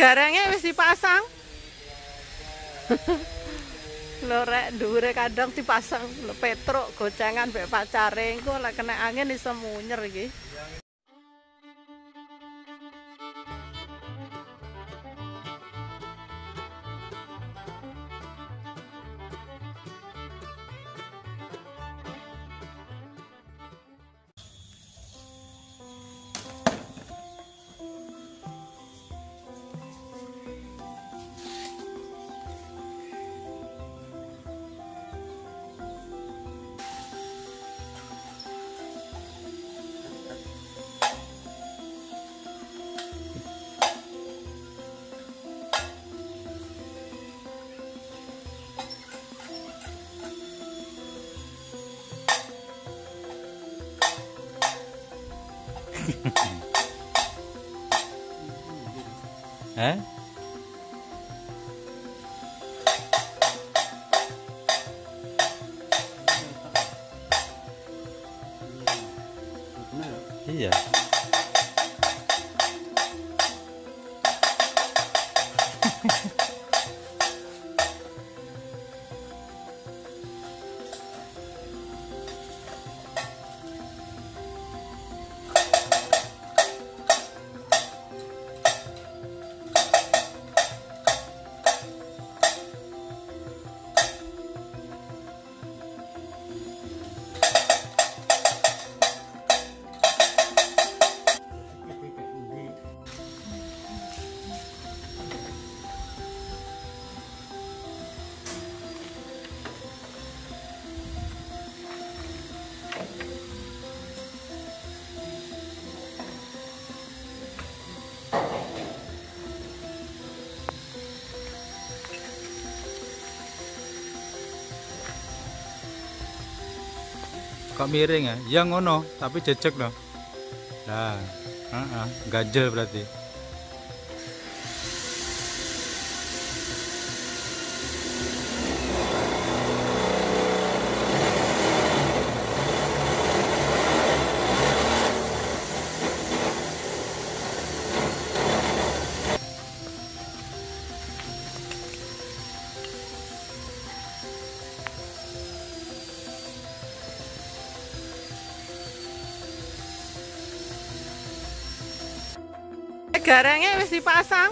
garangnya wis dipasang lorek dure kadang dipasang petruk gocengan bek pacare engko lek kena angin iso munyer iki 哎。是呀。kok miring ya yang ngono tapi jecek dong. nah uh -uh, ganjel berarti Garangnya mesti pasang.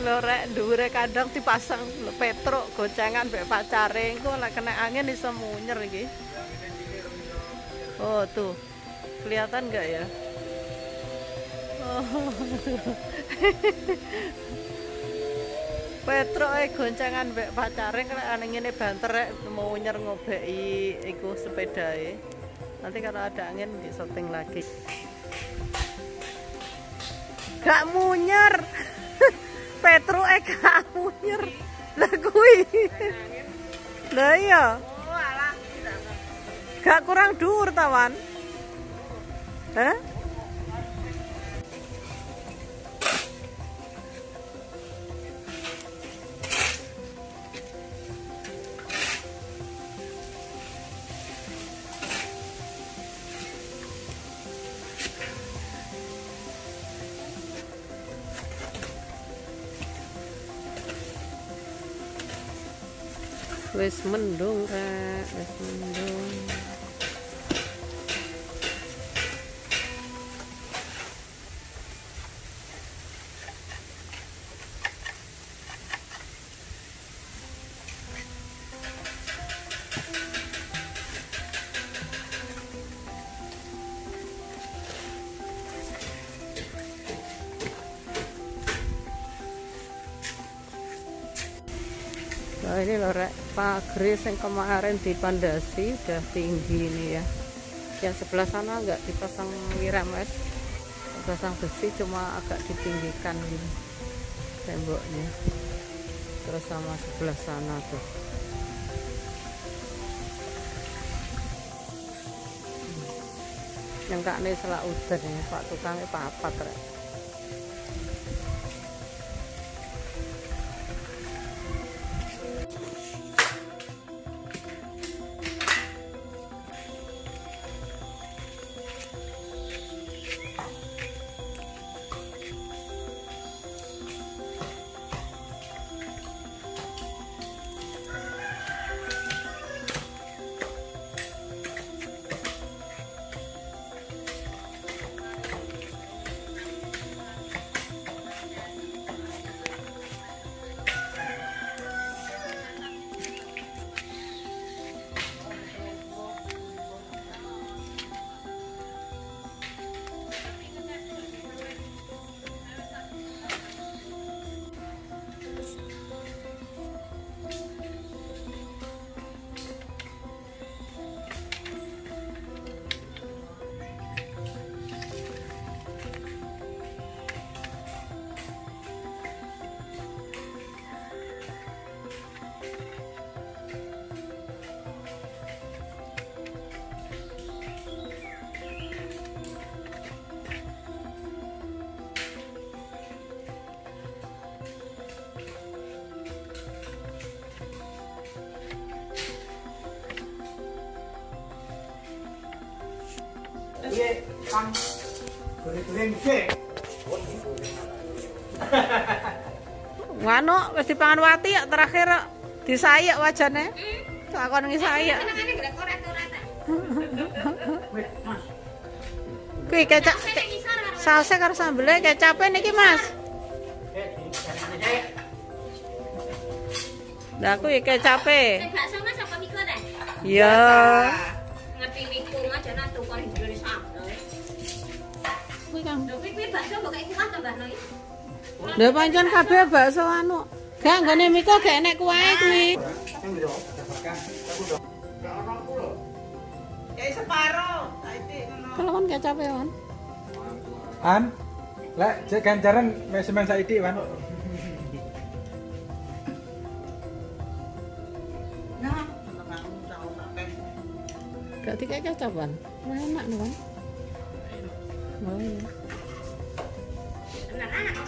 Lorek durek kadang dipasang petruk gocengan bek pacare engko lek kena angin iso munyer iki. Oh, tuh. Kelihatan enggak ya? Oh. Petruk e goncangan bek pacare kena angin ngene banter rek munyer ngobeki iku sepedae. Nanti kalau ada angin di shooting lagi gak munyer Petru eh gak munyer lah kui lah iya oh, gak kurang dur tawan Hah? wis mendung kak wis mendung Wah oh, ini loh rek pagri yang kemarin dipandasi udah tinggi ini ya. Yang sebelah sana nggak dipasang wiram es, pasang besi cuma agak ditinggikan ini temboknya. Terus sama sebelah sana tuh. Hmm. Yang kak ini selak udar ya, Pak tukangnya papat rek. Wano kan. pangan terakhir di saya wati ya terakhir disayak wajane. Takon ngisayak. Kuwi kecap sausnya karo sambelnya kecapnya niki Mas. Eh, ya. Lah kuwi kecape. Iya. Lha pancen kabeh bakso anu. Gak nggone Miko gak enek kuwae kuwi. Kayak separo, Kalau kan capek, Wan. An, lek cek ganjaran mesemen saiki, Wan. Nah, gak tiga kecap, Wan. Enak Wan. Enak. Enak.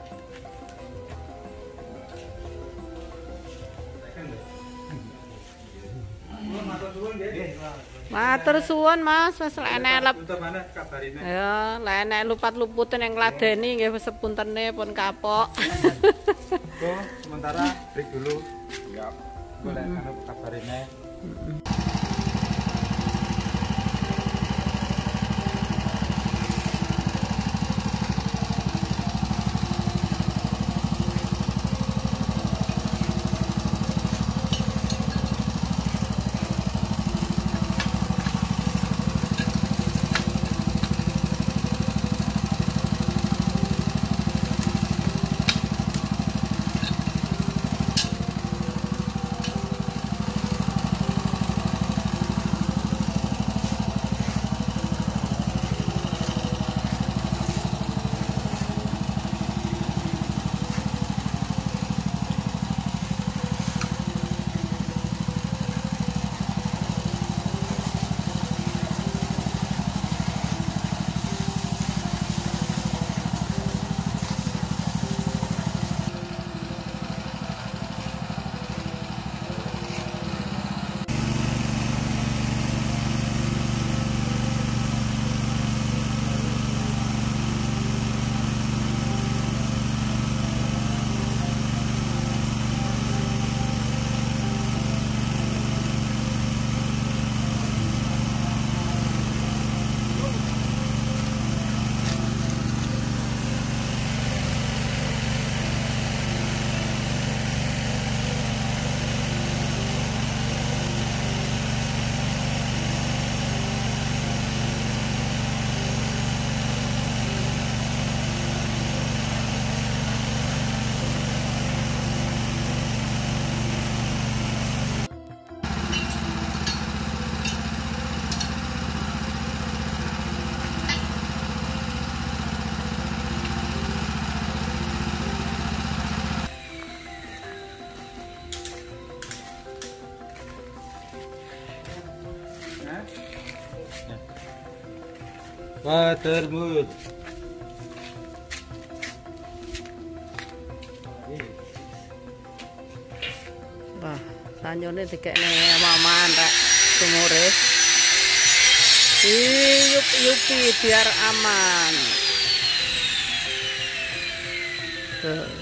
Matur suwun Mas, wis lek enek lep. Ya, lek lupat-luputen yang ngladeni nggih sepuntene pun kapok. Go, sementara break dulu. Ya, boleh kan kabarine. Heeh. Mothermood. Wah, sanyone dikekne maman rek sumure. Yup-yupi biar aman. Tuh.